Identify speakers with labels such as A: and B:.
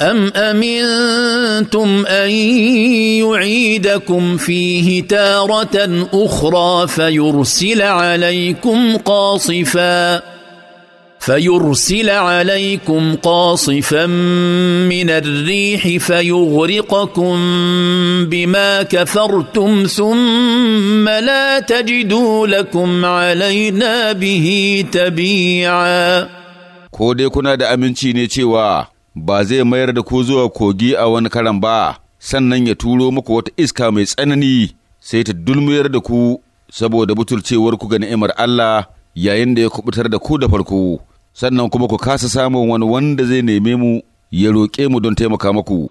A: أم أمنتم أن يعيدكم فيه تارة أخرى فيرسل عليكم قاصفا فيرسل عليكم قاصفا من الريح فيغرقكم بما كفرتم ثم لا تجدوا لكم علينا به تبيعا
B: كودي كنا دا أمنتي ba zai mayar da ku zuwa kogi a wani karan ba, sannan ya turo muku wata iska mai tsanani sai ta dulmuyar da ku saboda ku ga ni'imar Allah yayin da ya kubutar da ku da farko, sannan kuma ku kasa samun wani wanda zai neme mu ya roƙe
C: mu don taimaka maku.